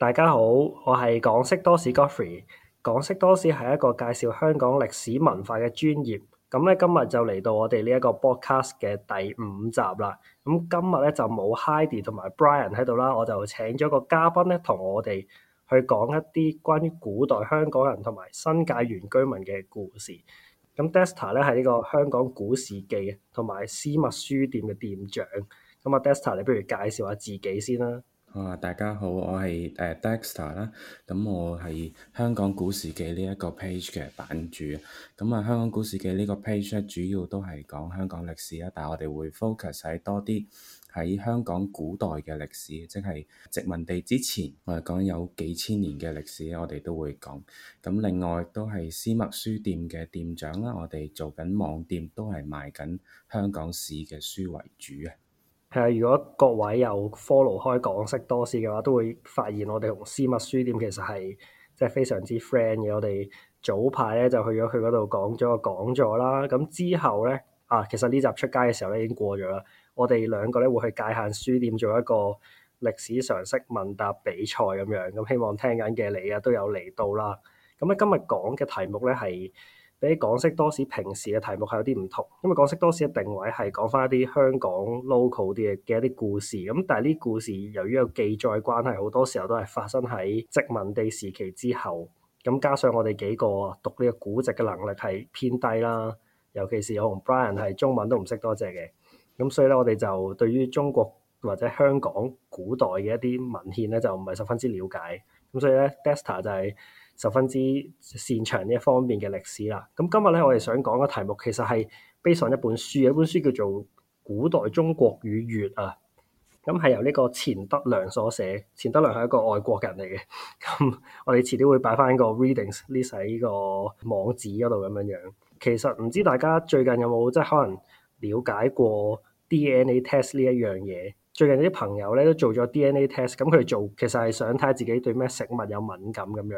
大家好，我係港式多士 Godfrey，港式多士係一個介紹香港歷史文化嘅專頁。咁咧今日就嚟到我哋呢一個 broadcast 嘅第五集啦。咁今日咧就冇 Heidi 同埋 Brian 喺度啦，我就請咗個嘉賓咧同我哋去講一啲關於古代香港人同埋新界原居民嘅故事。咁、嗯、Dexter 咧係呢個香港古事紀同埋私密書店嘅店長。咁、嗯、啊 Dexter，你不如介紹下自己先啦。大家好，我係 Dexter 啦，咁我係香港古事紀嘅呢一個 page 嘅版主，咁啊香港古事紀嘅呢個 page 咧，主要都係講香港歷史啦，但我哋會 focus 喺多啲喺香港古代嘅歷史，即係殖民地之前，我哋講有幾千年嘅歷史我哋都會講，咁另外都係私密書店嘅店長啦，我哋做緊網店都係賣緊香港史嘅書為主係啊，如果各位有 follow 開港式多士嘅話，都會發現我哋同絲襪書店其實係即係非常之 friend 嘅。我哋早排咧就去咗佢嗰度講咗個講座啦。咁之後咧啊，其實呢集出街嘅時候咧已經過咗啦。我哋兩個咧會去界限書店做一個歷史常識問答比賽咁樣。咁希望聽緊嘅你啊都有嚟到啦。咁咧今日講嘅題目咧係。比起港式多士平時嘅題目係有啲唔同，因為港式多士嘅定位係講翻一啲香港 local 啲嘅一啲故事，咁但係呢故事由於個記載關係，好多時候都係發生喺殖民地時期之後，咁加上我哋幾個讀呢個古籍嘅能力係偏低啦，尤其是我同 Brian 係中文都唔識多隻嘅，咁所以咧我哋就對於中國或者香港古代嘅一啲文獻咧就唔係十分之了解，咁所以咧 Dexter 就係、是。十分之擅長呢一方面嘅歷史啦。咁今日咧，我哋想講嘅題目其實係背上一本書，一本書叫做《古代中國與越》啊。咁係由呢個錢德良所寫。錢德良係一個外國人嚟嘅。咁 我哋遲啲會擺翻個 readings list 喺呢個網址嗰度咁樣樣。其實唔知大家最近有冇即係可能了解過 DNA test 呢一樣嘢？最近啲朋友咧都做咗 DNA test，咁佢哋做其實係想睇下自己對咩食物有敏感咁樣。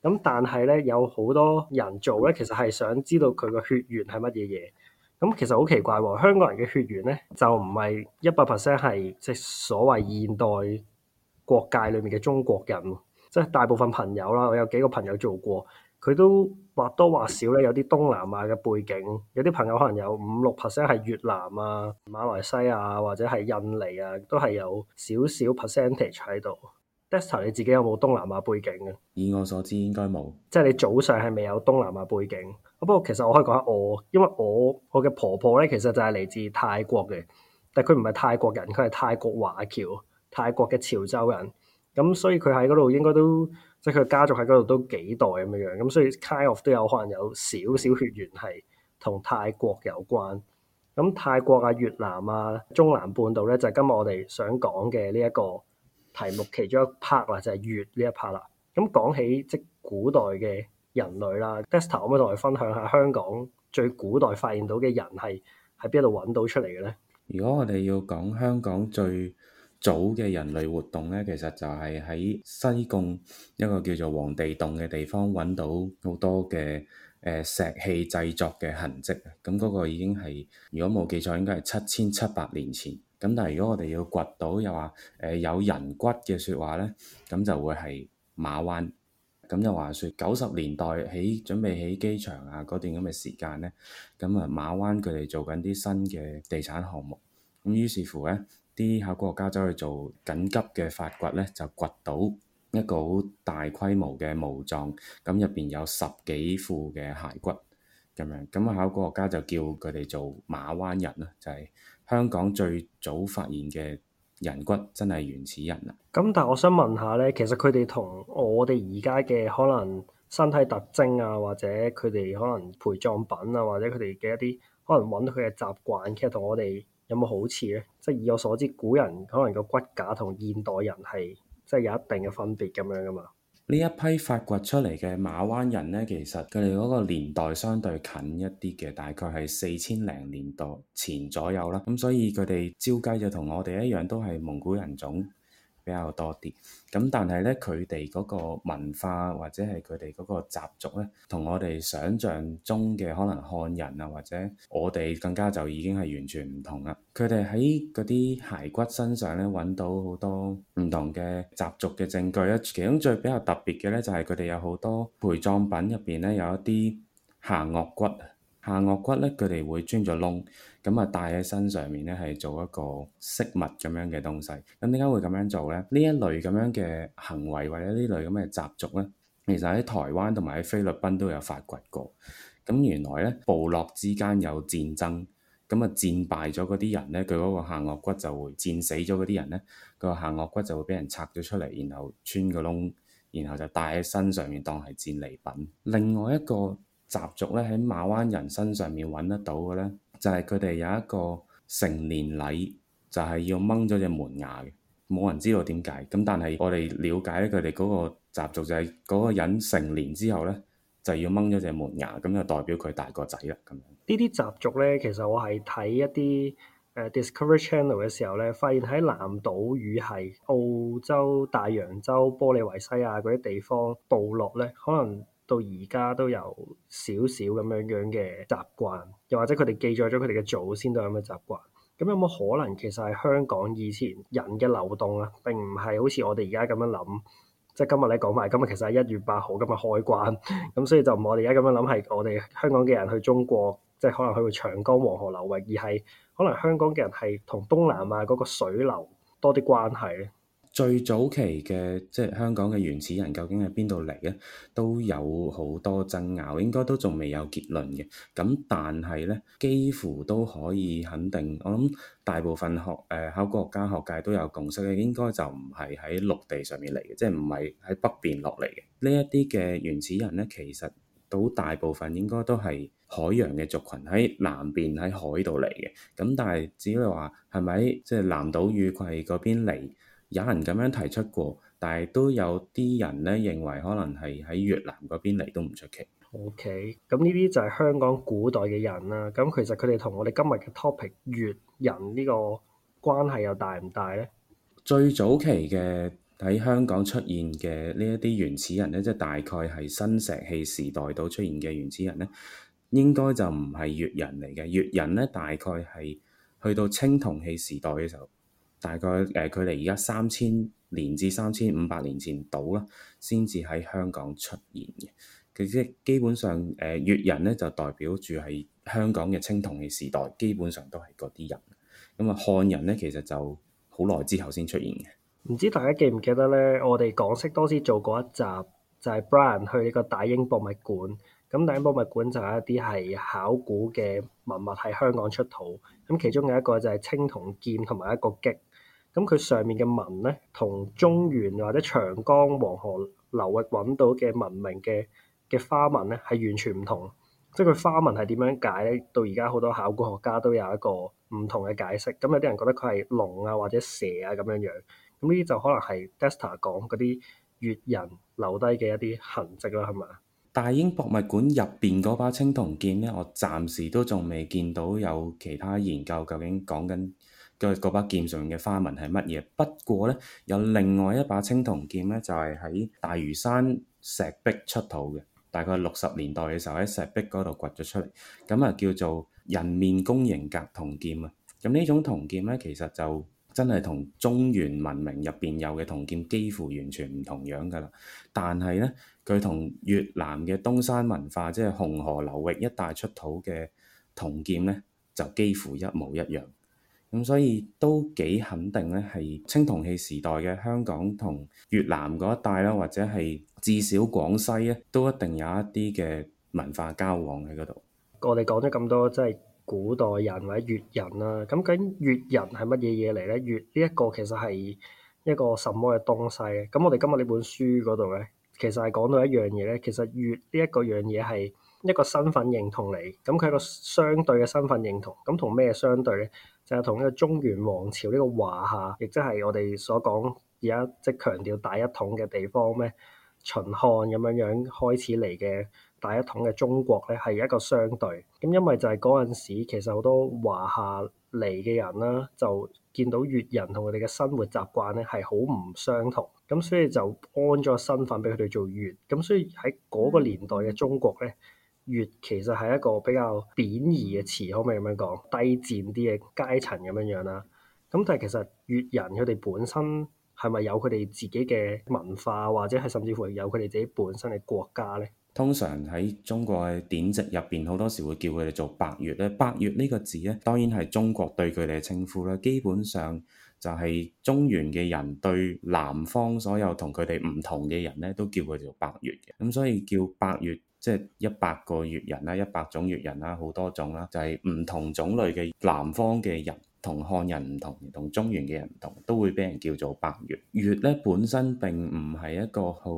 咁但係咧，有好多人做咧，其實係想知道佢個血緣係乜嘢嘢。咁其實好奇怪喎，香港人嘅血緣咧就唔係一百 percent 係即係所謂現代國界裏面嘅中國人。即係大部分朋友啦，我有幾個朋友做過，佢都或多或少咧有啲東南亞嘅背景。有啲朋友可能有五六 percent 係越南啊、馬來西亞或者係印尼啊，都係有少少 percentage 喺度。Dexter 你自己有冇東南亞背景嘅？以我所知應該冇。即係你早上係未有東南亞背景。不過其實我可以講下我，因為我我嘅婆婆咧其實就係嚟自泰國嘅，但佢唔係泰國人，佢係泰國華僑，泰國嘅潮州人。咁所以佢喺嗰度應該都即係佢家族喺嗰度都幾代咁樣樣。咁所以 Kind of 都有可能有少少血緣係同泰國有關。咁泰國啊、越南啊、中南半島咧，就係、是、今日我哋想講嘅呢一個。題目其中一 part 啦，就係月呢一 part 啦。咁講起即古代嘅人類啦，Dexter 可唔可以同我哋分享下香港最古代發現到嘅人係喺邊度揾到出嚟嘅咧？如果我哋要講香港最早嘅人類活動咧，其實就係喺西貢一個叫做黃地洞嘅地方揾到好多嘅誒石器製作嘅痕跡啊！咁嗰個已經係如果冇記錯，應該係七千七百年前。咁但係如果我哋要掘到又話，誒有人骨嘅説話咧，咁就會係馬灣。咁就話説，九十年代起準備起機場啊嗰段咁嘅時間咧，咁啊馬灣佢哋做緊啲新嘅地產項目，咁於是乎咧，啲考古學家走去做緊急嘅發掘咧，就掘到一個好大規模嘅墓葬，咁入邊有十幾副嘅骸骨，咁樣，咁啊考古學家就叫佢哋做馬灣人啦，就係、是。香港最早發現嘅人骨真係原始人啦。咁，但係我想問下咧，其實佢哋同我哋而家嘅可能身體特徵啊，或者佢哋可能陪葬品啊，或者佢哋嘅一啲可能揾到佢嘅習慣，其實同我哋有冇好似咧？即係以我所知，古人可能個骨架同現代人係即係有一定嘅分別咁樣㗎嘛。呢一批發掘出嚟嘅馬灣人呢，其實佢哋嗰個年代相對近一啲嘅，大概係四千零年代前左右啦。咁所以佢哋照計就同我哋一樣，都係蒙古人種。比較多啲，咁但係咧，佢哋嗰個文化或者係佢哋嗰個習俗咧，同我哋想象中嘅可能漢人啊，或者我哋更加就已經係完全唔同啦。佢哋喺嗰啲骸骨身上咧，揾到好多唔同嘅習俗嘅證據啦。其中最比較特別嘅咧，就係佢哋有好多陪葬品入邊咧，有一啲下顎骨，下顎骨咧，佢哋會鑽咗窿。咁啊，戴喺身上面咧，係做一個飾物咁樣嘅東西。咁點解會咁樣做咧？呢一類咁樣嘅行為或者呢類咁嘅習俗咧，其實喺台灣同埋喺菲律賓都有發掘過。咁原來咧，部落之間有戰爭，咁啊戰敗咗嗰啲人咧，佢嗰個下顎骨就會戰死咗嗰啲人咧，佢個下顎骨就會俾人拆咗出嚟，然後穿個窿，然後就戴喺身上面當係戰利品。另外一個習俗咧，喺馬灣人身上面揾得到嘅咧。就係佢哋有一個成年禮，就係要掹咗隻門牙嘅，冇人知道點解。咁但係我哋了解佢哋嗰個習俗就係嗰個人成年之後咧，就要掹咗隻門牙，咁就代表佢大個仔啦。咁樣呢啲習俗咧，其實我係睇一啲誒 Discovery Channel 嘅時候咧，發現喺南島語系、澳洲、大洋洲、玻利維西亞嗰啲地方部落咧，可能，到而家都有少少咁樣樣嘅習慣，又或者佢哋記載咗佢哋嘅祖先都有咁嘅習慣。咁有冇可能其實係香港以前人嘅流動啊？並唔係好似我哋而家咁樣諗，即係今日咧講埋今日其實係一月八號今日開關，咁所以就唔係我哋而家咁樣諗，係我哋香港嘅人去中國，即係可能佢會長江黃河流域，而係可能香港嘅人係同東南亞嗰個水流多啲關係咧。最早期嘅即係香港嘅原始人，究竟喺邊度嚟咧？都有好多爭拗，應該都仲未有結論嘅。咁但係咧，幾乎都可以肯定，我諗大部分學誒、呃、考古學家學界都有共識嘅，應該就唔係喺陸地上面嚟嘅，即係唔係喺北邊落嚟嘅呢一啲嘅原始人咧。其實都大部分應該都係海洋嘅族群喺南邊喺海度嚟嘅。咁但係至於話係咪即係南島語羣嗰邊嚟？有人咁樣提出過，但係都有啲人呢認為，可能係喺越南嗰邊嚟都唔出奇。OK，咁呢啲就係香港古代嘅人啦。咁其實佢哋同我哋今日嘅 topic 越人呢個關係又大唔大呢？最早期嘅喺香港出現嘅呢一啲原始人呢，即係大概係新石器時代到出現嘅原始人呢，應該就唔係越人嚟嘅。越人呢，大概係去到青銅器時代嘅時候。大概誒距離而家三千年至三千五百年前到啦，先至喺香港出現嘅。其實基本上誒越人咧，就代表住係香港嘅青銅器時代，基本上都係嗰啲人。咁啊漢人咧，其實就好耐之後先出現嘅。唔知大家記唔記得咧？我哋港識多史做過一集，就係、是、Brian 去呢個大英博物館。咁大英博物館就係一啲係考古嘅文物喺香港出土。咁其中有一個就係青銅劍同埋一個戟。咁佢上面嘅文咧，同中原或者長江黃河流域搵到嘅文明嘅嘅花紋咧，係完全唔同。即係，佢花紋係點樣解咧？到而家好多考古學家都有一個唔同嘅解釋。咁、嗯、有啲人覺得佢係龍啊，或者蛇啊咁樣樣。咁呢啲就可能係 Dexter 講嗰啲越人留低嘅一啲痕跡啦，係嘛？大英博物館入邊嗰把青銅劍咧，我暫時都仲未見到有其他研究，究竟講緊。佢嗰把劍上面嘅花紋係乜嘢？不過呢，有另外一把青銅劍呢，就係、是、喺大嶼山石壁出土嘅，大概六十年代嘅時候喺石壁嗰度掘咗出嚟，咁啊叫做人面弓形格銅劍啊。咁呢種銅劍呢，其實就真係同中原文明入面有嘅銅劍幾乎完全唔同樣㗎喇。但係呢，佢同越南嘅東山文化，即係紅河流域一帶出土嘅銅劍呢，就幾乎一模一樣。咁所以都幾肯定咧，係青銅器時代嘅香港同越南嗰一帶啦，或者係至少廣西啊，都一定有一啲嘅文化交往喺嗰度。我哋講咗咁多，即係古代人或者越人啦。咁究竟越人係乜嘢嘢嚟咧？越呢一個其實係一個什麼嘅東西？咁我哋今日呢本書嗰度咧，其實係講到一樣嘢咧。其實越呢一個樣嘢係一個身份認同嚟，咁佢個相對嘅身份認同，咁同咩相對咧？就係同呢個中原王朝呢個華夏，亦即係我哋所講而家即強調大一統嘅地方咩？秦漢咁樣樣開始嚟嘅大一統嘅中國咧，係一個相對。咁因為就係嗰陣時，其實好多華夏嚟嘅人啦，就見到越人同佢哋嘅生活習慣咧，係好唔相同。咁所以就安咗身份俾佢哋做越。咁所以喺嗰個年代嘅中國咧。越其實係一個比較貶義嘅詞，可唔可以咁樣講低賤啲嘅階層咁樣樣啦？咁但係其實越人佢哋本身係咪有佢哋自己嘅文化，或者係甚至乎有佢哋自己本身嘅國家咧？通常喺中國嘅典籍入邊，好多時會叫佢哋做百越咧。百越呢個字咧，當然係中國對佢哋嘅稱呼咧。基本上就係中原嘅人對南方所有同佢哋唔同嘅人咧，都叫佢做百越嘅。咁所以叫百越。即係一百個粵人啦，一百種粵人啦，好多種啦，就係唔同種類嘅南方嘅人。同漢人唔同，同中原嘅人唔同，都會畀人叫做百越。越呢本身並唔係一個好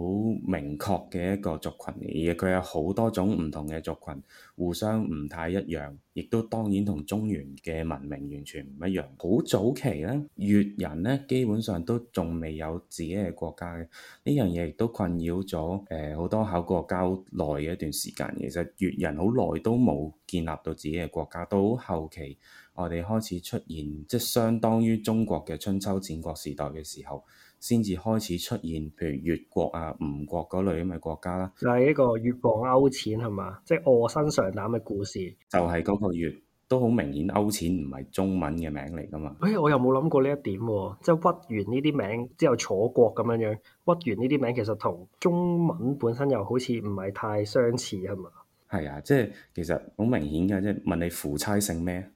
明確嘅一個族群嚟嘅。佢有好多種唔同嘅族群，互相唔太一樣，亦都當然同中原嘅文明完全唔一樣。好早期呢，越人呢基本上都仲未有自己嘅國家嘅呢樣嘢，亦都困擾咗誒好多考古交耐嘅一段時間。其實越人好耐都冇建立到自己嘅國家，到後期。我哋開始出現，即係相當於中國嘅春秋戰國時代嘅時候，先至開始出現，譬如越國啊、吳國嗰類咁嘅國家啦。就係一個越王勾踐係嘛，即係臥薪嘗膽嘅故事。就係嗰個越都好明顯，勾踐唔係中文嘅名嚟㗎嘛。誒、欸，我又冇諗過呢一點喎、啊，即係屈原呢啲名之後，楚國咁樣樣屈原呢啲名，其實同中文本身又好似唔係太相似係嘛？係啊，即係其實好明顯㗎，即係問你夫差姓咩？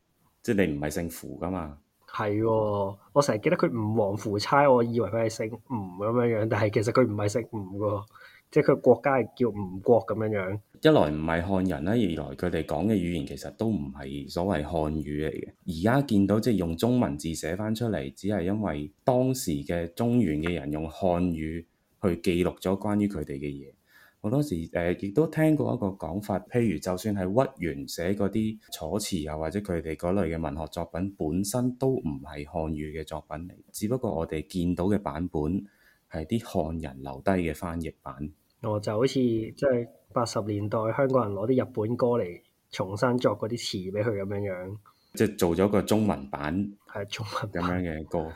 即係你唔係姓夫噶嘛？係喎， 我成日記得佢吳王夫差，我以為佢係姓吳咁樣樣，但係其實佢唔係姓吳喎，即係佢國家係叫吳國咁樣樣。一來唔係漢人啦，二來佢哋講嘅語言其實都唔係所謂漢語嚟嘅。而家見到即係用中文字寫翻出嚟，只係因為當時嘅中原嘅人用漢語去記錄咗關於佢哋嘅嘢。我當時誒亦、呃、都聽過一個講法，譬如就算係屈原寫嗰啲楚辭啊，或者佢哋嗰類嘅文學作品本身都唔係漢語嘅作品嚟，只不過我哋見到嘅版本係啲漢人留低嘅翻譯版。哦，就好似即係八十年代香港人攞啲日本歌嚟重新作嗰啲詞俾佢咁樣樣，即係做咗個中文版係中文咁樣嘅歌，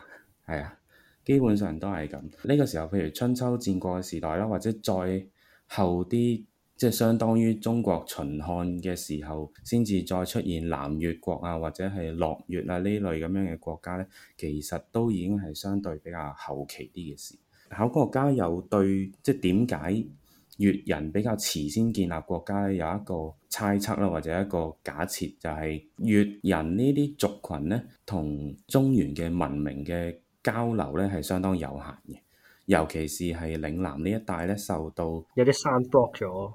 係 啊，基本上都係咁。呢、呢個時候，譬如春秋戰國嘅時代啦，或者再～後啲即係相當於中國秦漢嘅時候，先至再出現南越國啊，或者係駱越啊呢類咁樣嘅國家咧，其實都已經係相對比較後期啲嘅事。考國家又對即係點解越人比較遲先建立國家咧，有一個猜測啦、啊，或者一個假設，就係越人呢啲族群咧，同中原嘅文明嘅交流咧係相當有限嘅。尤其是係嶺南呢一帶呢受到有啲山 block 咗，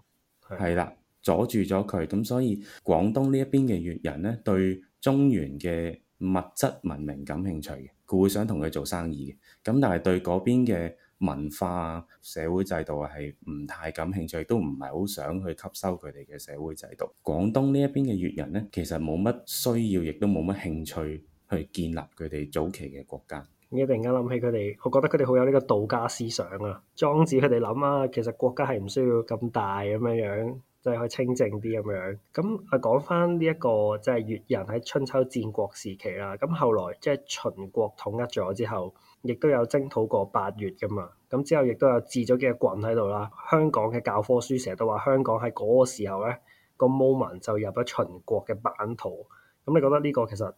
係啦，阻住咗佢，咁所以廣東呢一邊嘅越人呢對中原嘅物質文明感興趣嘅，佢會想同佢做生意嘅，咁但係對嗰邊嘅文化、社會制度係唔太感興趣，亦都唔係好想去吸收佢哋嘅社會制度。廣東呢一邊嘅越人呢，其實冇乜需要，亦都冇乜興趣去建立佢哋早期嘅國家。一突然間諗起佢哋，我覺得佢哋好有呢個道家思想啊。莊子佢哋諗啊，其實國家係唔需要咁大咁樣樣，即係去清靜啲咁樣。咁啊講翻呢一個即係越人喺春秋戰國時期啦。咁後來即係、就是、秦國統一咗之後，亦都有征討過八越噶嘛。咁之後亦都有置咗幾個郡喺度啦。香港嘅教科書成日都話香港喺嗰個時候咧，個 moment 就入咗秦國嘅版圖。咁你覺得呢個其實？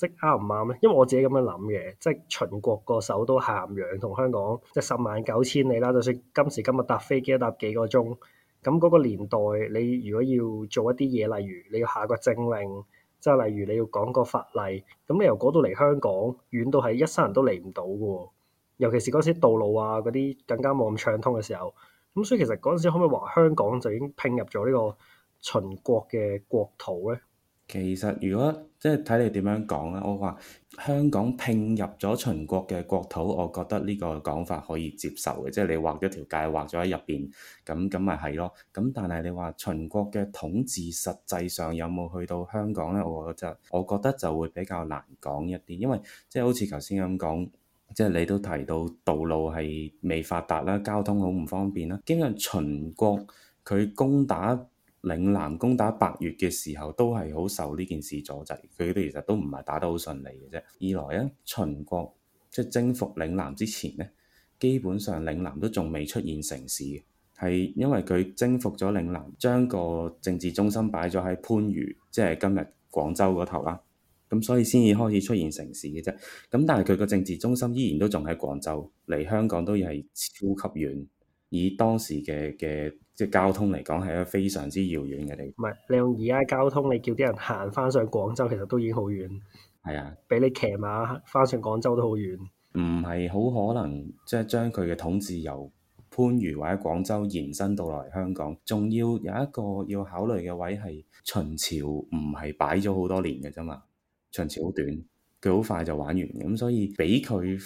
即啱唔啱咧？因為我自己咁樣諗嘅，即係秦國個首都咸陽同香港即十萬九千里啦。就算今時今日搭飛機搭幾個鐘，咁嗰個年代你如果要做一啲嘢，例如你要下個政令，即係例如你要講個法例，咁你由嗰度嚟香港遠到係一生人都嚟唔到嘅喎。尤其是嗰時道路啊嗰啲更加冇咁暢通嘅時候，咁所以其實嗰陣時可唔可以話香港就已經拼入咗呢個秦國嘅國土咧？其實，如果即係睇你點樣講啦，我話香港並入咗秦國嘅國土，我覺得呢個講法可以接受嘅，即係你畫咗條界，畫咗喺入邊，咁咁咪係咯。咁但係你話秦國嘅統治實際上有冇去到香港咧？我覺得就，我覺得就會比較難講一啲，因為即係好似頭先咁講，即係你都提到道路係未發達啦，交通好唔方便啦，加上秦國佢攻打嶺南攻打百越嘅時候，都係好受呢件事阻滯，佢哋其實都唔係打得好順利嘅啫。二來咧，秦國即係征服嶺南之前咧，基本上嶺南都仲未出現城市，係因為佢征服咗嶺南，將個政治中心擺咗喺番禺，即係今日廣州嗰頭啦，咁所以先至開始出現城市嘅啫。咁但係佢個政治中心依然都仲喺廣州，離香港都係超級遠。以當時嘅嘅即係交通嚟講，係一個非常之遙遠嘅地方。唔係你用而家交通，你叫啲人行翻上廣州，其實都已經好遠。係啊的，俾你騎馬翻上廣州都好遠。唔係好可能即係將佢嘅統治由番禺或者廣州延伸到落嚟香港。仲要有一個要考慮嘅位係秦朝，唔係擺咗好多年嘅啫嘛。秦朝好短，佢好快就玩完咁，所以俾佢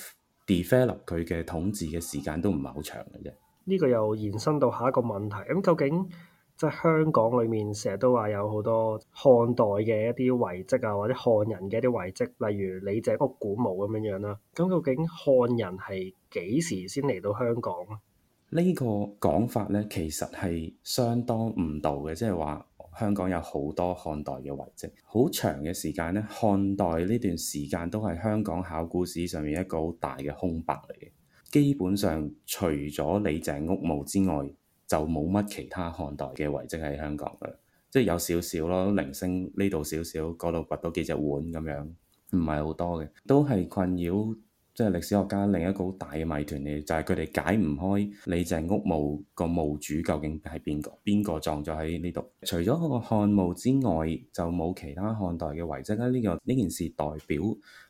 develop 佢嘅統治嘅時間都唔係好長嘅啫。呢個又延伸到下一個問題，咁究竟即係香港裏面成日都話有好多漢代嘅一啲遺跡啊，或者漢人嘅一啲遺跡，例如李鄭屋古墓咁樣樣啦。咁究竟漢人係幾時先嚟到香港咧？個呢個講法咧，其實係相當誤導嘅，即係話香港有好多漢代嘅遺跡，好長嘅時間咧，漢代呢段時間都係香港考古史上面一個好大嘅空白嚟嘅。基本上，除咗李鄭屋墓之外，就冇乜其他漢代嘅遺跡喺香港嘅，即係有少少咯。零星呢度少少，嗰度拔多幾隻碗咁樣，唔係好多嘅，都係困擾即係、就是、歷史學家另一個好大嘅謎團嚟，就係佢哋解唔開李鄭屋墓個墓主究竟係邊個？邊個葬咗喺呢度？除咗個漢墓之外，就冇其他漢代嘅遺跡啦。呢、這個呢件事代表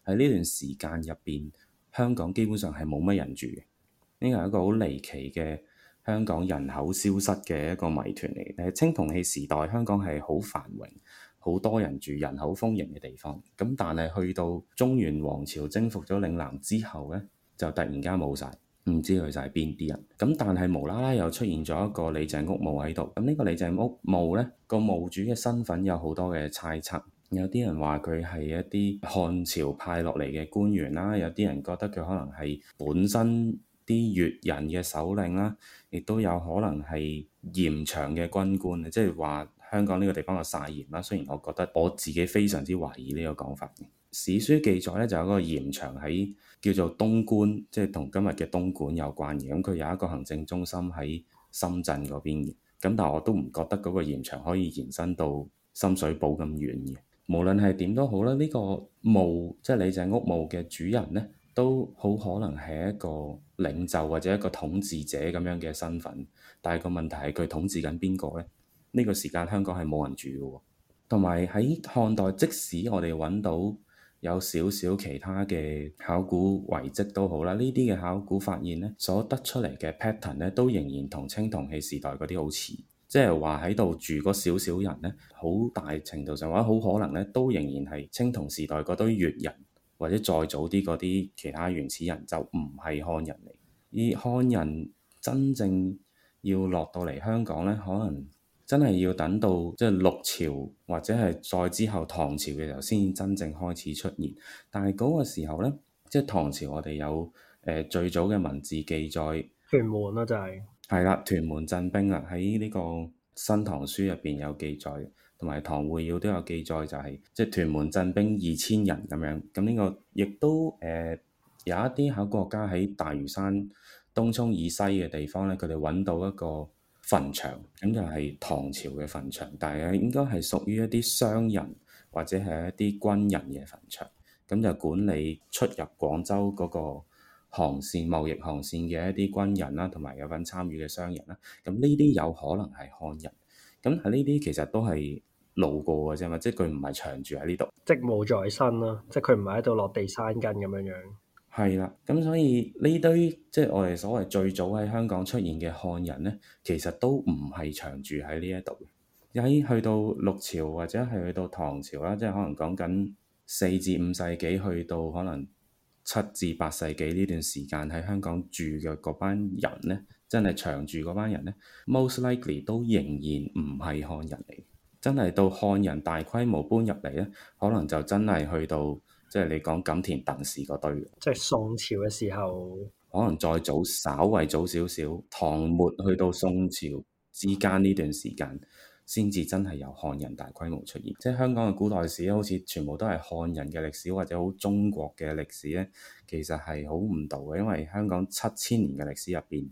喺呢段時間入邊。香港基本上係冇乜人住嘅，呢個係一個好離奇嘅香港人口消失嘅一個謎團嚟。喺青銅器時代香港係好繁榮、好多人住、人口豐盈嘅地方。咁但係去到中原王朝征服咗嶺南之後咧，就突然間冇晒，唔知去晒邊啲人。咁但係無啦啦又出現咗一個李鄭屋墓喺度。咁呢個李鄭屋墓咧，個墓主嘅身份有好多嘅猜測。有啲人話佢係一啲漢朝派落嚟嘅官員啦。有啲人覺得佢可能係本身啲越人嘅首領啦，亦都有可能係鹽場嘅軍官。即係話香港呢個地方嘅曬鹽啦。雖然我覺得我自己非常之懷疑呢個講法，史書記載咧，就有個鹽場喺叫做東官，即係同今日嘅東莞有關嘅。咁、嗯、佢有一個行政中心喺深圳嗰邊嘅。咁但係我都唔覺得嗰個鹽場可以延伸到深水埗咁遠嘅。無論係點都好啦，呢個墓即係李鄭屋墓嘅主人咧，都好可能係一個領袖或者一個統治者咁樣嘅身份。但係個問題係佢統治緊邊個咧？呢個時間香港係冇人住嘅喎。同埋喺漢代，即使我哋揾到有少少其他嘅考古遺跡都好啦，呢啲嘅考古發現咧，所得出嚟嘅 pattern 咧，都仍然同青銅器時代嗰啲好似。即係話喺度住嗰少少人呢，好大程度上話好可能呢都仍然係青銅時代嗰堆越人，或者再早啲嗰啲其他原始人就唔係漢人嚟。而漢人真正要落到嚟香港呢，可能真係要等到即係六朝或者係再之後唐朝嘅時候先真正開始出現。但係嗰個時候呢，即、就、係、是、唐朝我哋有誒、呃、最早嘅文字記載。屯門咯、啊，就係。係啦，屯門鎮兵啊，喺呢個《新唐書》入邊有記載，同埋《唐會要》都有記載、就係，就係、是、即屯門鎮兵二千人咁樣。咁呢個亦都誒、呃、有一啲考古家喺大嶼山東涌以西嘅地方咧，佢哋揾到一個墳場，咁就係唐朝嘅墳場，但係應該係屬於一啲商人或者係一啲軍人嘅墳場。咁就管理出入廣州嗰、嗰個。航線貿易航線嘅一啲軍人啦，同埋有份參與嘅商人啦，咁呢啲有可能係漢人，咁喺呢啲其實都係路過嘅啫嘛，即係佢唔係長住喺呢度。職務在身啦、啊，即係佢唔係喺度落地生根咁樣樣。係啦，咁所以呢堆即係我哋所謂最早喺香港出現嘅漢人咧，其實都唔係長住喺呢一度嘅。喺去到六朝或者係去到唐朝啦，即係可能講緊四至五世紀去到可能。七至八世紀呢段時間喺香港住嘅嗰班人呢，真係長住嗰班人呢 most likely 都仍然唔係漢人嚟。真係到漢人大規模搬入嚟呢，可能就真係去到即係你講錦田鄧氏嗰堆。即係宋朝嘅時候，可能再早稍為早少少，唐末去到宋朝之間呢段時間，先至真係有漢人大規模出現，即係香港嘅古代史好似全部都係漢人嘅歷史，或者好中國嘅歷史咧，其實係好唔同嘅。因為香港七千年嘅歷史入邊，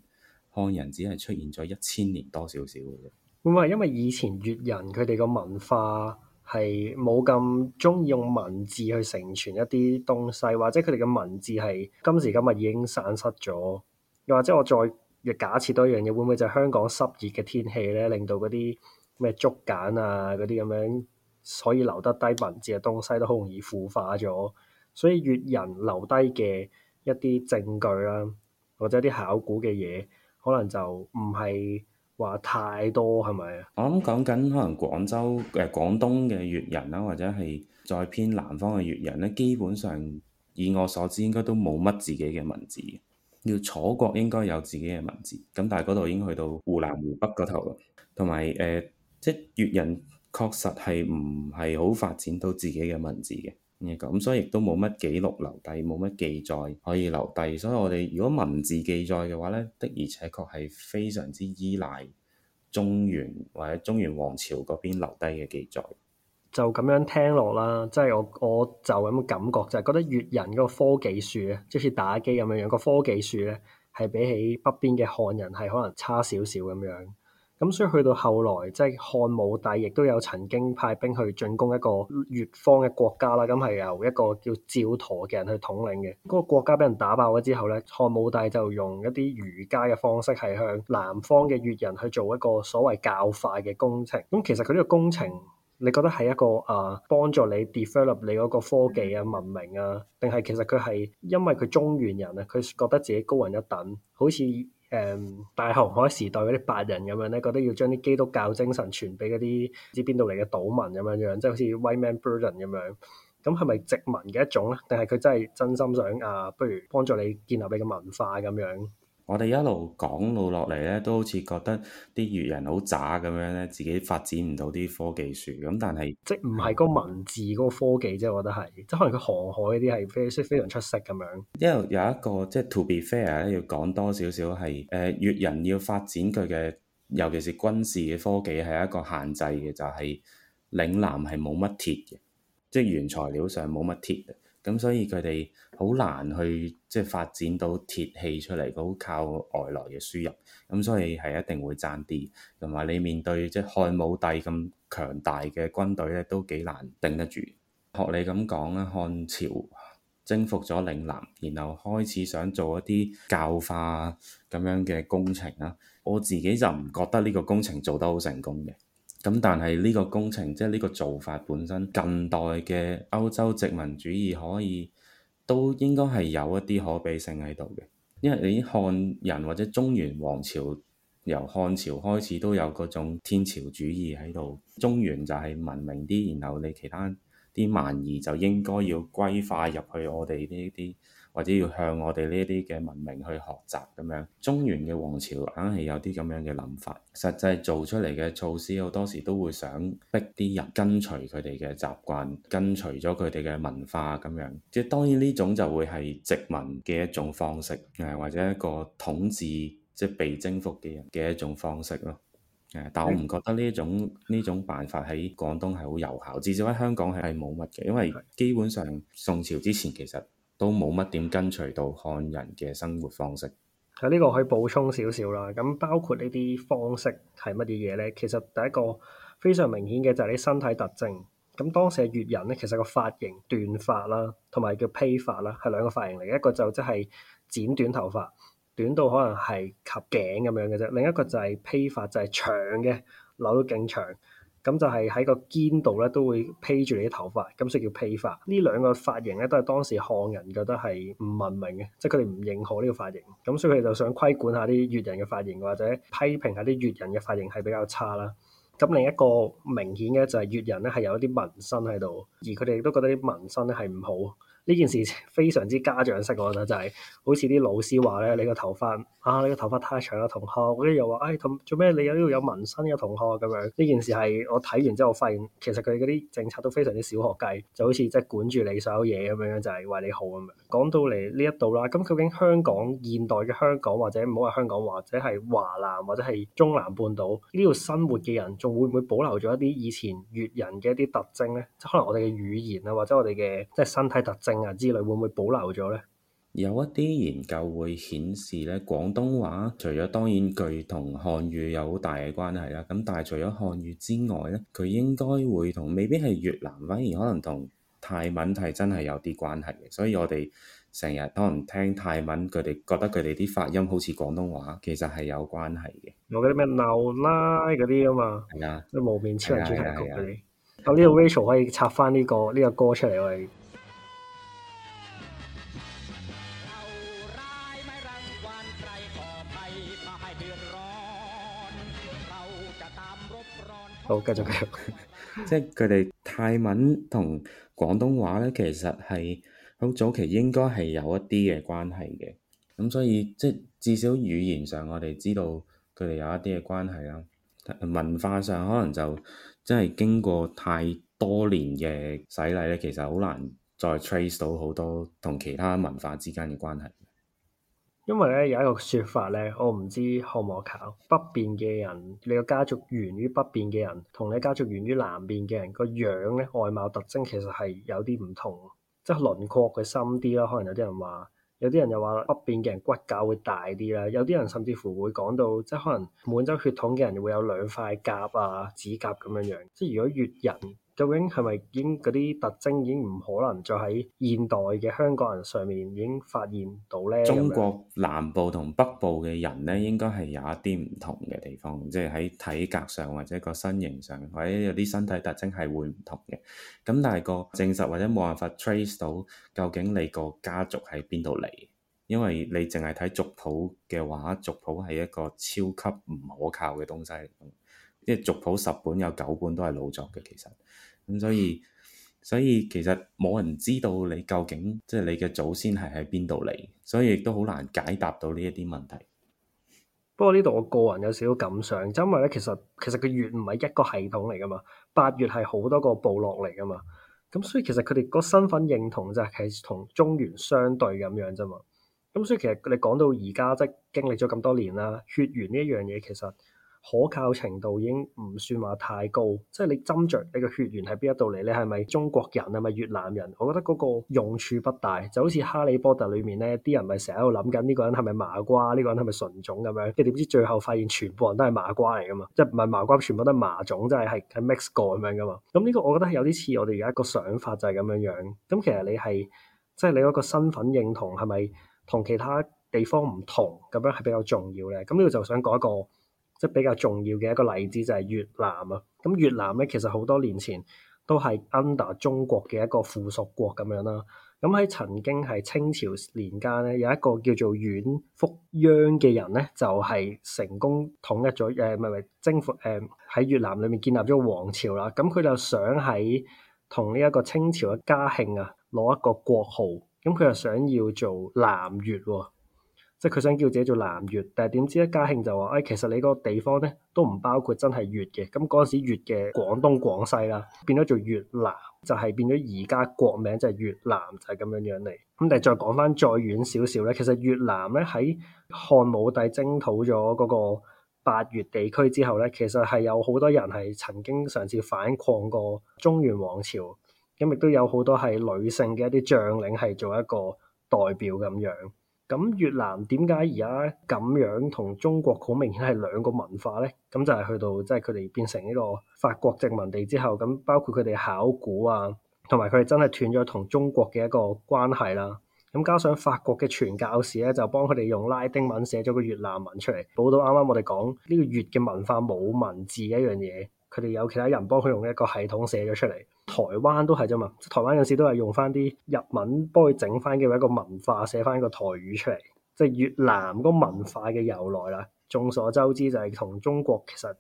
漢人只係出現咗一千年多少少嘅啫。會唔會因為以前越人佢哋嘅文化係冇咁中意用文字去承傳一啲東西，或者佢哋嘅文字係今時今日已經散失咗？又或者我再亦假設多一樣嘢，會唔會就係香港濕熱嘅天氣咧，令到嗰啲咩竹簡啊嗰啲咁樣，所以留得低文字嘅東西都好容易腐化咗，所以越人留低嘅一啲證據啦、啊，或者啲考古嘅嘢，可能就唔係話太多，係咪啊？我諗講緊可能廣州誒、呃、廣東嘅越人啦、啊，或者係再偏南方嘅越人咧，基本上以我所知應該都冇乜自己嘅文字。要楚國應該有自己嘅文字，咁但係嗰度已經去到湖南湖北嗰頭啦，同埋誒。呃即係粵人確實係唔係好發展到自己嘅文字嘅，咁所以亦都冇乜記錄留低，冇乜記載可以留低。所以我哋如果文字記載嘅話咧，的而且確係非常之依賴中原或者中原王朝嗰邊留低嘅記載。就咁樣聽落啦，即係我我就咁嘅感覺就係覺得粵人嗰個科技樹咧，即係打機咁樣樣個科技樹咧，係比起北邊嘅漢人係可能差少少咁樣。咁、嗯、所以去到後來，即係漢武帝亦都有曾經派兵去進攻一個越方嘅國家啦。咁、嗯、係由一個叫趙佗嘅人去統領嘅。嗰、那個國家俾人打爆咗之後咧，漢武帝就用一啲儒家嘅方式係向南方嘅越人去做一個所謂教化嘅工程。咁、嗯、其實佢呢個工程。你覺得係一個啊幫助你 develop 你嗰個科技啊，文明啊，定係其實佢係因為佢中原人啊，佢覺得自己高人一等，好似誒、嗯、大航海時代嗰啲白人咁樣咧，覺得要將啲基督教精神傳俾嗰啲唔知邊度嚟嘅島民咁樣樣，即係好似 white man burden 咁樣。咁係咪殖民嘅一種咧？定係佢真係真心想啊，不如幫助你建立你嘅文化咁樣？我哋一路講路落嚟咧，都好似覺得啲越人好渣咁樣咧，自己發展唔到啲科技樹咁。但係即唔係個文字嗰個科技啫，我覺得係，即可能佢航海嗰啲係非常出色咁樣。因為有一個即係、就是、to be fair 咧，要講多少少係誒越人要發展佢嘅，尤其是軍事嘅科技係一個限制嘅，就係、是、嶺南係冇乜鐵嘅，即係原材料上冇乜鐵。咁所以佢哋好難去即係、就是、發展到鐵器出嚟，好靠外來嘅輸入。咁所以係一定會爭啲，同埋你面對即係漢武帝咁強大嘅軍隊咧，都幾難頂得住。學你咁講啦，漢朝征服咗嶺南，然後開始想做一啲教化咁樣嘅工程啦。我自己就唔覺得呢個工程做得好成功嘅。咁但係呢個工程，即係呢個做法本身，近代嘅歐洲殖民主義可以都應該係有一啲可比性喺度嘅，因為你漢人或者中原王朝由漢朝開始都有嗰種天朝主義喺度，中原就係文明啲，然後你其他啲蠻夷就應該要歸化入去我哋呢啲。或者要向我哋呢啲嘅文明去學習，咁樣中原嘅王朝硬係有啲咁樣嘅諗法，實際做出嚟嘅措施好多時都會想逼啲人跟隨佢哋嘅習慣，跟隨咗佢哋嘅文化咁樣，即係當然呢種就會係殖民嘅一種方式，誒或者一個統治即係被征服嘅人嘅一種方式咯。誒，但我唔覺得呢種呢種辦法喺廣東係好有效，至少喺香港係冇乜嘅，因為基本上宋朝之前其實。都冇乜點跟隨到漢人嘅生活方式。啊，呢個可以補充少少啦。咁包括呢啲方式係乜啲嘢咧？其實第一個非常明顯嘅就係你身體特徵。咁當時嘅越人咧，其實個髮型斷髮啦，同埋叫披髮啦，係兩個髮型嚟。一個就即係剪短頭髮，短到可能係及頸咁樣嘅啫。另一個就係披髮，就係、是、長嘅扭到勁長。咁就係喺個肩度咧都會披住你啲頭髮，咁所以叫披髮。呢兩個髮型咧都係當時漢人覺得係唔文明嘅，即係佢哋唔認可呢個髮型。咁所以佢哋就想規管下啲越人嘅髮型，或者批評下啲越人嘅髮型係比較差啦。咁另一個明顯嘅就係越人咧係有啲紋身喺度，而佢哋都覺得啲紋身咧係唔好。呢件事非常之家長式，我覺得就係好似啲老師話咧，你個頭髮啊，你個頭髮太長啦，同學。跟住又話，誒做咩？你有呢度有紋身嘅同學咁樣。呢件事係我睇完之後，發現其實佢哋嗰啲政策都非常之小學雞，就好似即係管住你所有嘢咁樣，就係為你好咁樣。講到嚟呢一度啦，咁究竟香港現代嘅香港，或者唔好話香港，或者係華南，或者係中南半島呢度生活嘅人，仲會唔會保留咗一啲以前越人嘅一啲特徵咧？即可能我哋嘅語言啊，或者我哋嘅即係身體特徵。之類會唔會保留咗呢？有一啲研究會顯示咧，廣東話除咗當然佢同漢語有好大嘅關係啦。咁但係除咗漢語之外咧，佢應該會同未必係越南，反而可能同泰文係真係有啲關係嘅。所以我哋成日可能聽泰文，佢哋覺得佢哋啲發音好似廣東話，其實係有關係嘅。我嗰啲咩鬧啦嗰啲啊嘛，係啊，啲無面超人主題曲，呢度 Rachel 可以插翻，呢個、呢個呢、呢個歌出嚟，我哋。好，繼續繼續， 即係佢哋泰文同廣東話咧，其實係好早期應該係有一啲嘅關係嘅。咁所以即係至少語言上，我哋知道佢哋有一啲嘅關係啦。文化上可能就真係經過太多年嘅洗禮咧，其實好難再 trace 到好多同其他文化之間嘅關係。因為咧，有一個說法咧，我唔知可唔可靠。北邊嘅人，你個家族源於北邊嘅人，同你家族源於南邊嘅人個樣咧，外貌特徵其實係有啲唔同，即係輪廓佢深啲啦，可能有啲人話，有啲人又話北邊嘅人骨架會大啲啦，有啲人甚至乎會講到，即係可能滿洲血統嘅人會有兩塊甲啊，指甲咁樣樣，即係如果越人。究竟係咪已經嗰啲特徵已經唔可能再喺現代嘅香港人上面已經發現到咧？中國南部同北部嘅人咧，應該係有一啲唔同嘅地方，即係喺體格上或者個身形上，或者有啲身體特徵係會唔同嘅。咁但係個證實或者冇辦法 trace 到究竟你個家族喺邊度嚟，因為你淨係睇族譜嘅話，族譜係一個超級唔可靠嘅東西。即係族譜十本有九本都係老作嘅，其實咁所以所以其實冇人知道你究竟即係、就是、你嘅祖先係喺邊度嚟，所以亦都好難解答到呢一啲問題。不過呢度我個人有少少感想，因為咧，其實其實越唔係一個系統嚟噶嘛，百越係好多個部落嚟噶嘛，咁所以其實佢哋個身份認同就係同中原相對咁樣啫嘛。咁所以其實佢哋講到而家即係經歷咗咁多年啦，血緣呢一樣嘢其實。可靠程度已經唔算話太高，即係你斟酌你個血緣喺邊一度嚟，你係咪中國人，係咪越南人？我覺得嗰個用處不大，就好似《哈利波特》裡面咧，啲人咪成日喺度諗緊呢個人係咪麻瓜，呢個人係咪純種咁樣，跟住點知最後發現全部人都係麻瓜嚟噶嘛，即係唔係麻瓜全部都係麻種，即係係係 mix 過咁樣噶嘛。咁呢個我覺得有啲似我哋而家一個想法就係咁樣樣。咁其實你係即係你嗰個身份認同係咪同其他地方唔同咁樣係比較重要咧？咁呢個就想講一個。即比較重要嘅一個例子就係越南啊，咁越南咧其實好多年前都係 under 中國嘅一個附屬國咁樣啦。咁喺曾經係清朝年間咧，有一個叫做阮福央嘅人咧，就係、係、成功統一咗誒，唔、呃、係征服誒喺、呃、越南裏面建立咗皇朝啦。咁佢就想喺同呢一個清朝嘅嘉慶啊攞一個國號，咁佢就想要做南越。即係佢想叫自己做南越，但係點知咧？嘉慶就話，哎，其實你個地方咧都唔包括真係越嘅。咁嗰陣時越廣，越嘅廣東廣西啦，變咗做越南，就係、是、變咗而家國名就係越南，就係、是、咁樣樣嚟。咁但係再講翻再遠少少咧，其實越南咧喺漢武帝征討咗嗰個八越地區之後咧，其實係有好多人係曾經嘗試反抗過中原王朝，咁亦都有好多係女性嘅一啲將領係做一個代表咁樣。咁越南點解而家咁樣同中國好明顯係兩個文化咧？咁就係去到即係佢哋變成呢個法國殖民地之後，咁包括佢哋考古啊，同埋佢哋真係斷咗同中國嘅一個關係啦。咁加上法國嘅傳教士咧，就幫佢哋用拉丁文寫咗個越南文出嚟。補到啱啱我哋講呢個越嘅文化冇文字嘅一樣嘢，佢哋有其他人幫佢用一個系統寫咗出嚟。台灣都係啫嘛，即係台灣有時都係用翻啲日文幫佢整翻嘅一個文化寫翻一個台語出嚟。即係越南嗰個文化嘅由來啦，眾所周知就係同中國其實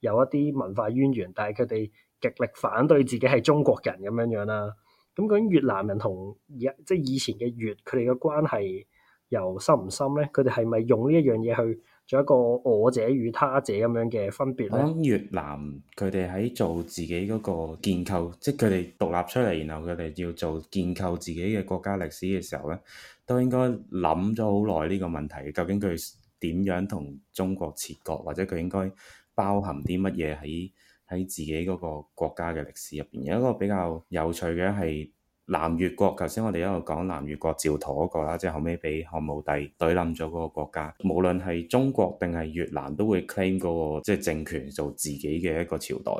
有一啲文化淵源，但係佢哋極力反對自己係中國人咁樣樣啦。咁究竟越南人同即係以前嘅越佢哋嘅關係又深唔深咧？佢哋係咪用呢一樣嘢去？做一個我者與他者咁樣嘅分別咯。越南佢哋喺做自己嗰個建構，即係佢哋獨立出嚟，然後佢哋要做建構自己嘅國家歷史嘅時候咧，都應該諗咗好耐呢個問題，究竟佢點樣同中國切割，或者佢應該包含啲乜嘢喺喺自己嗰個國家嘅歷史入邊。有一個比較有趣嘅係。南越國，頭先我哋一路講南越國趙佗嗰個啦，即係後尾畀漢武帝對冧咗嗰個國家。無論係中國定係越南，都會 claim 嗰個，即係政權做自己嘅一個朝代，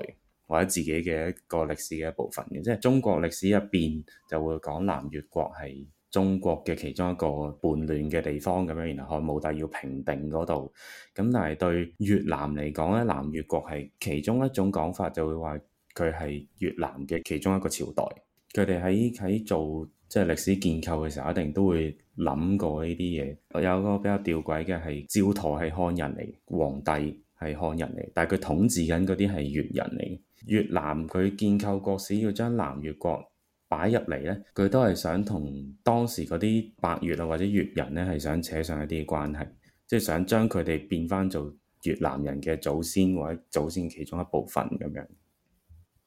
或者自己嘅一個歷史嘅一部分嘅。即係中國歷史入邊就會講南越國係中國嘅其中一個叛亂嘅地方咁樣，然後漢武帝要平定嗰度。咁但係對越南嚟講咧，南越國係其中一種講法，就會話佢係越南嘅其中一個朝代。佢哋喺喺做即係、就是、歷史建構嘅時候，一定都會諗過呢啲嘢。有個比較吊詭嘅係趙佗係漢人嚟，皇帝係漢人嚟，但係佢統治緊嗰啲係越人嚟。越南佢建構國史要將南越國擺入嚟咧，佢都係想同當時嗰啲百越啊或者越人咧係想扯上一啲關係，即、就、係、是、想將佢哋變翻做越南人嘅祖先或者祖先其中一部分咁樣。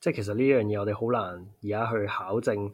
即係其實呢樣嘢，我哋好難而家去考證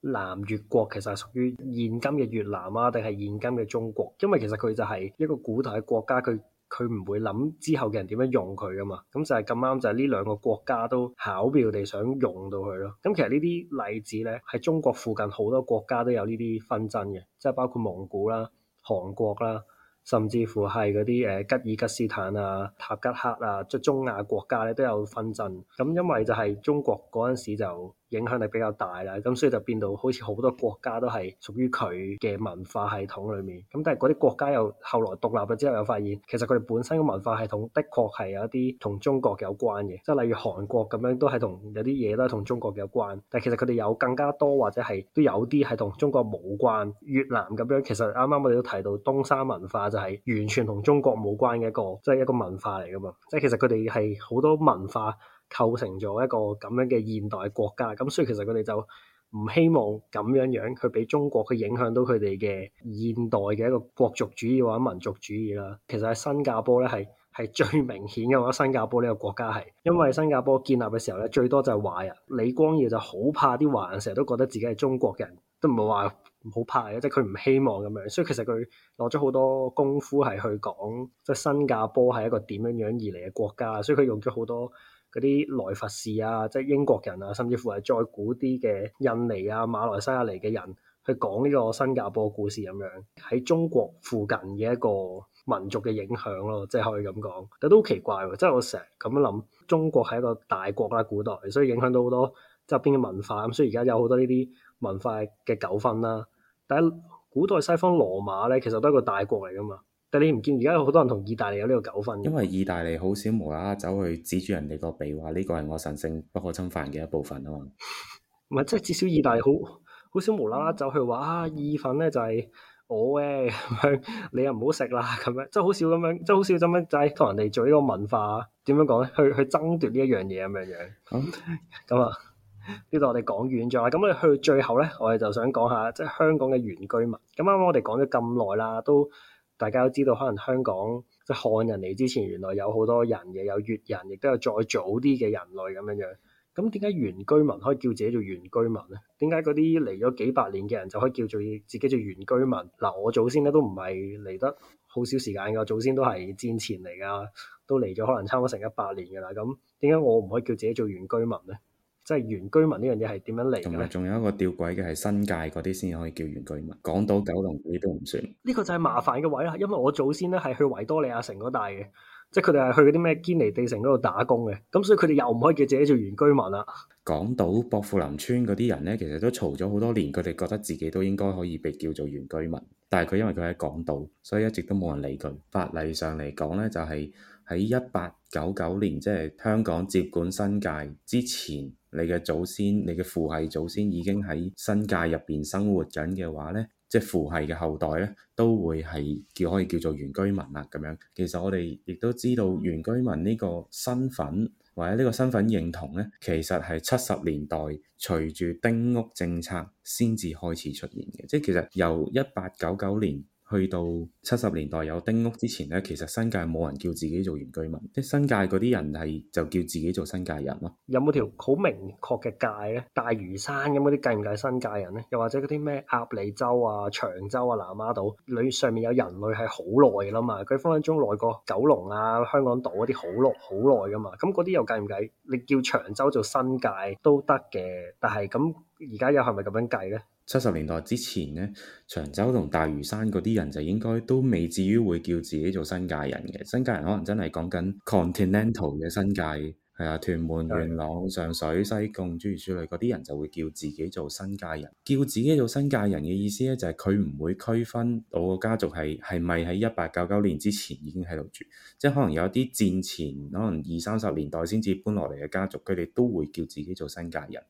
南越國其實係屬於現今嘅越南啊，定係現今嘅中國？因為其實佢就係一個古代國家，佢佢唔會諗之後嘅人點樣用佢㗎嘛。咁就係咁啱，就係呢兩個國家都巧妙地想用到佢咯。咁其實呢啲例子咧，喺中國附近好多國家都有呢啲紛爭嘅，即係包括蒙古啦、韓國啦。甚至乎係嗰啲誒吉爾吉斯坦啊、塔吉克啊，即係中亞國家咧都有紛爭。咁因為就係中國嗰陣時就。影響力比較大啦，咁所以就變到好似好多國家都係屬於佢嘅文化系統裏面。咁但係嗰啲國家又後來獨立咗之後，又發現其實佢哋本身嘅文化系統的確係有一啲同中國有關嘅，即係例如韓國咁樣都係同有啲嘢都係同中國有關。但係其實佢哋有更加多或者係都有啲係同中國冇關。越南咁樣其實啱啱我哋都提到東山文化就係完全同中國冇關嘅一個，即係一個文化嚟㗎嘛。即係其實佢哋係好多文化。構成咗一個咁樣嘅現代國家，咁所以其實佢哋就唔希望咁樣樣去俾中國去影響到佢哋嘅現代嘅一個國族主義或者民族主義啦。其實喺新加坡咧係係最明顯嘅話，新加坡呢個國家係因為新加坡建立嘅時候咧，最多就係華人。李光耀就好怕啲華人，成日都覺得自己係中國人，都唔係話唔好怕嘅，即係佢唔希望咁樣，所以其實佢攞咗好多功夫係去講，即係新加坡係一個點樣樣而嚟嘅國家，所以佢用咗好多。嗰啲來佛士啊，即係英國人啊，甚至乎係再古啲嘅印尼啊、馬來西亞嚟嘅人去講呢個新加坡故事咁樣，喺中國附近嘅一個民族嘅影響咯，即係可以咁講。但都好奇怪喎，即係我成日咁樣諗，中國係一個大國啦，古代所以影響到好多側邊嘅文化咁，所以而家有好多呢啲文化嘅糾紛啦。但係古代西方羅馬咧，其實都係一個大國嚟㗎嘛。但你唔見而家有好多人同意大利有呢個糾紛，因為意大利好少無啦啦走去指住人哋個鼻話呢、呢個係我神聖不可侵犯嘅一部分啊嘛。唔係，即係至少意大利好好少無啦啦走去話啊意粉咧就係、是、我嘅咁樣，你又唔好食啦咁樣，即係好少咁樣，即係好少咁樣就同、是、人哋做呢個文化點樣講咧？去去爭奪呢一、啊、 樣嘢咁樣樣咁啊，呢度我哋講遠咗啦。咁啊去最後咧，我哋就想講下即係香港嘅原居民。咁啱啱我哋講咗咁耐啦，都。都大家都知道，可能香港即係漢人嚟之前，原來有好多人嘅，有越人，亦都有再早啲嘅人類咁樣樣。咁點解原居民可以叫自己做原居民咧？點解嗰啲嚟咗幾百年嘅人就可以叫做自己做原居民？嗱，我祖先咧都唔係嚟得好少時間㗎，祖先都係戰前嚟㗎，都嚟咗可能差唔多成一百年㗎啦。咁點解我唔可以叫自己做原居民咧？啊即係原居民呢樣嘢係點樣嚟嘅？同埋仲有一個吊詭嘅係新界嗰啲先至可以叫原居民，港島、九龍嗰啲都唔算。呢個就係麻煩嘅位啦，因為我祖先咧係去維多利亞城嗰帶嘅，即係佢哋係去嗰啲咩堅尼地城嗰度打工嘅，咁所以佢哋又唔可以叫自己做原居民啦。港島薄扶林村嗰啲人咧，其實都嘈咗好多年，佢哋覺得自己都應該可以被叫做原居民，但係佢因為佢喺港島，所以一直都冇人理佢。法例上嚟講咧，就係、是。喺一八九九年，即係香港接管新界之前，你嘅祖先、你嘅父系祖先已經喺新界入邊生活緊嘅話呢，即係父系嘅後代呢，都會係可以叫做原居民啦咁樣。其實我哋亦都知道原居民呢個身份或者呢個身份認同呢，其實係七十年代隨住丁屋政策先至開始出現嘅。即係其實由一八九九年。去到七十年代有丁屋之前咧，其實新界冇人叫自己做原居民，即新界嗰啲人係就叫自己做新界人咯。有冇條好明確嘅界咧？大嶼山咁嗰啲計唔計新界人咧？又或者嗰啲咩鴨脷洲啊、長洲啊、南丫島裏上面有人類係好耐噶啦嘛？佢分分鐘耐過九龍啊、香港島嗰啲好耐好耐噶嘛。咁嗰啲又計唔計？你叫長洲做新界都得嘅，但係咁而家又係咪咁樣計咧？七十年代之前咧，長洲同大嶼山嗰啲人就應該都未至於會叫自己做新界人嘅。新界人可能真係講緊 continental 嘅新界，係啊，屯門、元朗、上水、西貢諸如此類嗰啲人就會叫自己做新界人。叫自己做新界人嘅意思咧，就係佢唔會區分我個家族係係咪喺一八九九年之前已經喺度住，即係可能有一啲戰前可能二三十年代先至搬落嚟嘅家族，佢哋都會叫自己做新界人。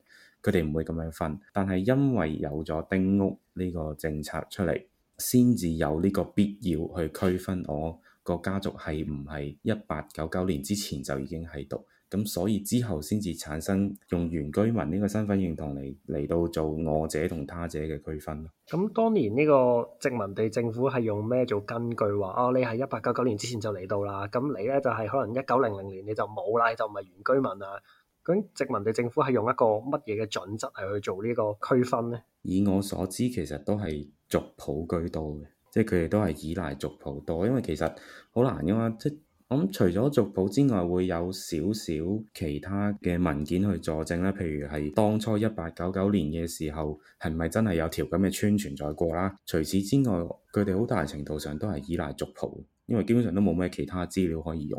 佢哋唔會咁樣分，但係因為有咗丁屋呢個政策出嚟，先至有呢個必要去區分我個家族係唔係一八九九年之前就已經喺度，咁所以之後先至產生用原居民呢個身份認同嚟嚟到做我者同他者嘅區分。咁當年呢個殖民地政府係用咩做根據話啊、哦？你係一八九九年之前就嚟到啦，咁你咧就係、是、可能一九零零年你就冇啦，你就唔係原居民啦。咁殖民地政府係用一個乜嘢嘅準則嚟去做呢個區分呢？以我所知，其實都係族譜居多嘅，即係佢哋都係依賴族譜多。因為其實好難噶嘛，即係我諗除咗族譜之外，會有少少其他嘅文件去佐證咧。譬如係當初一八九九年嘅時候，係咪真係有條咁嘅村存在過啦？除此之外，佢哋好大程度上都係依賴族譜，因為基本上都冇咩其他資料可以用。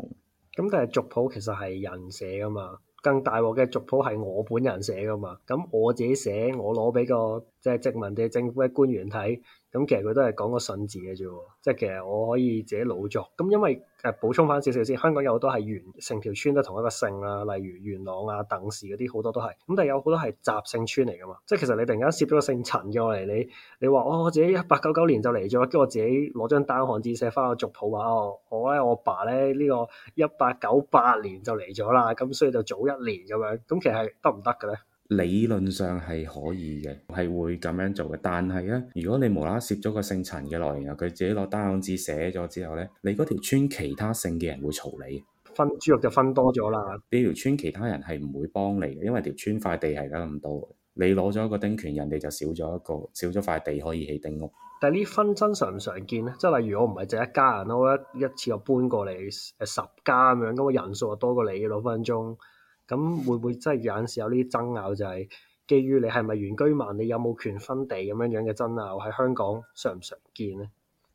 咁但係族譜其實係人寫噶嘛。更大鑊嘅族譜係我本人寫㗎嘛，咁我自己寫，我攞畀個，即係殖民地政府嘅官員睇，咁其實佢都係講個信字嘅啫。即係其實我可以自己老作，咁因為誒、呃、補充翻少少先，香港有好多係完成條村都同一個姓啊，例如元朗啊、鄧氏嗰啲好多都係。咁但係有好多係雜姓村嚟噶嘛。即係其實你突然間攝咗個姓陳嘅嚟，你你話我我自己一八九九年就嚟咗，跟住我自己攞張單行紙寫翻個族譜話，哦，我咧我，我、哦、我，我爸咧呢、呢個一八九八年就嚟咗啦，咁所以就早一年咁樣。咁其實係得唔得嘅咧？理論上係可以嘅，係會咁樣做嘅。但係咧，如果你無啦啦攝咗個姓陳嘅內容，然後佢自己攞單紙寫咗之後咧，你嗰條村其他姓嘅人會嘈你，分豬肉就分多咗啦。呢條村其他人係唔會幫你嘅，因為條村塊地係得咁多，你攞咗一個丁權，人哋就少咗一個少咗塊地可以起丁屋。但係呢分真常唔常見咧？即係例如我唔係淨係一家人，我一一次我搬過嚟誒十家咁樣，咁個人數就多過你兩分鐘。咁會唔會即係有陣時有啲爭拗，就係基於你係咪原居民，你有冇權分地咁樣樣嘅爭拗喺香港常唔常見咧？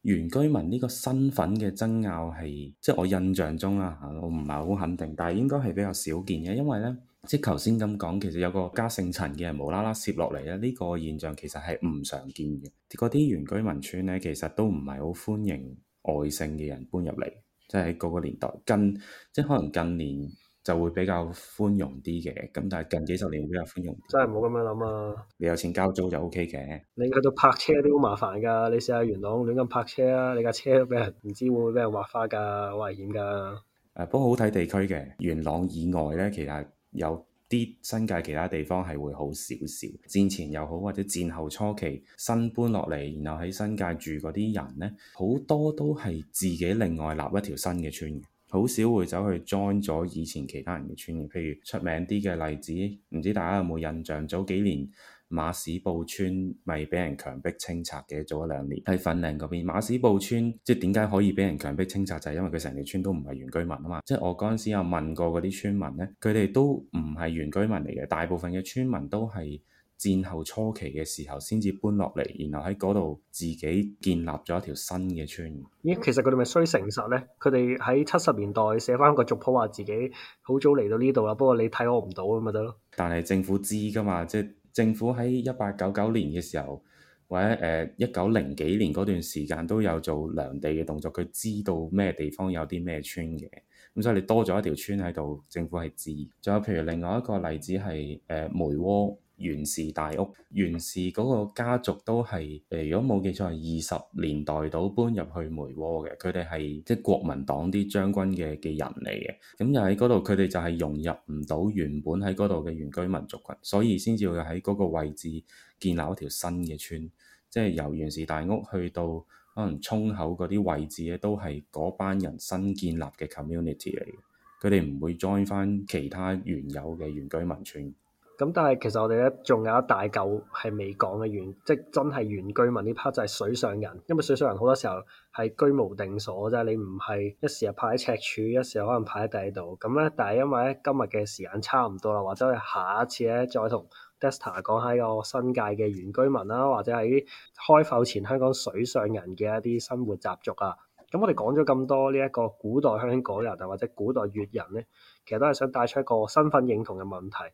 原居民呢個身份嘅爭拗係即係我印象中啦、啊，我唔係好肯定，但係應該係比較少見嘅，因為咧即係頭先咁講，其實有個家姓陳嘅人無啦啦攝落嚟咧，呢、呢個現象其實係唔常見嘅。啲嗰啲原居民村咧，其實都唔係好歡迎外姓嘅人搬入嚟，即係嗰個年代近，即係可能近年。就會比較寬容啲嘅，咁但係近幾十年會比較寬容啲。真係唔好咁樣諗啊！你有錢交租就 OK 嘅。你去到泊車都好麻煩㗎，你試下元朗亂咁泊車啊，你架車都俾人唔知會唔會俾人劃花㗎，好危險㗎。誒，不過好睇地區嘅，元朗以外咧，其實有啲新界其他地方係會好少少。戰前又好，或者戰後初期新搬落嚟，然後喺新界住嗰啲人咧，好多都係自己另外立一條新嘅村。好少會走去 join 咗以前其他人嘅村，譬如出名啲嘅例子，唔知大家有冇印象？早幾年馬屎布村咪俾人強迫清拆嘅，早咗兩年，係粉嶺嗰邊馬屎布村。即係點解可以俾人強迫清拆？就係因為佢成條村都唔係原居民啊嘛。即我嗰陣時有問過嗰啲村民咧，佢哋都唔係原居民嚟嘅，大部分嘅村民都係。戰後初期嘅時候，先至搬落嚟，然後喺嗰度自己建立咗一條新嘅村。咦，其實佢哋咪衰誠實咧？佢哋喺七十年代寫翻個族譜，話自己好早嚟到呢度啦。不過你睇我唔到咁咪得咯。但係政府知噶嘛？即係政府喺一八九九年嘅時候，或者誒一九零幾年嗰段時間都有做量地嘅動作。佢知道咩地方有啲咩村嘅。咁所以你多咗一條村喺度，政府係知。仲有譬如另外一個例子係誒梅窩。呃原氏大屋，原氏嗰個家族都係，誒，如果冇記錯係二十年代到搬入去梅窩嘅，佢哋係即係國民黨啲將軍嘅嘅人嚟嘅，咁就喺嗰度，佢哋就係融入唔到原本喺嗰度嘅原居民族群，所以先至會喺嗰個位置建立一條新嘅村，即係由原氏大屋去到可能涌口嗰啲位置咧，都係嗰班人新建立嘅 community 嚟嘅，佢哋唔會 join 翻其他原有嘅原居民村。咁但係其實我哋咧仲有一大嚿係未講嘅原，即係真係原居民呢 part 就係水上人，因為水上人好多時候係居無定所，即係你唔係一時又泊喺赤柱，一時可能泊喺第度。咁咧，但係因為今日嘅時間差唔多啦，或者係下一次咧再同 Desta 講下個新界嘅原居民啦，或者係啲開埠前香港水上人嘅一啲生活習俗啊。咁我哋講咗咁多呢一個古代香港人啊，或者古代越人咧，其實都係想帶出一個身份認同嘅問題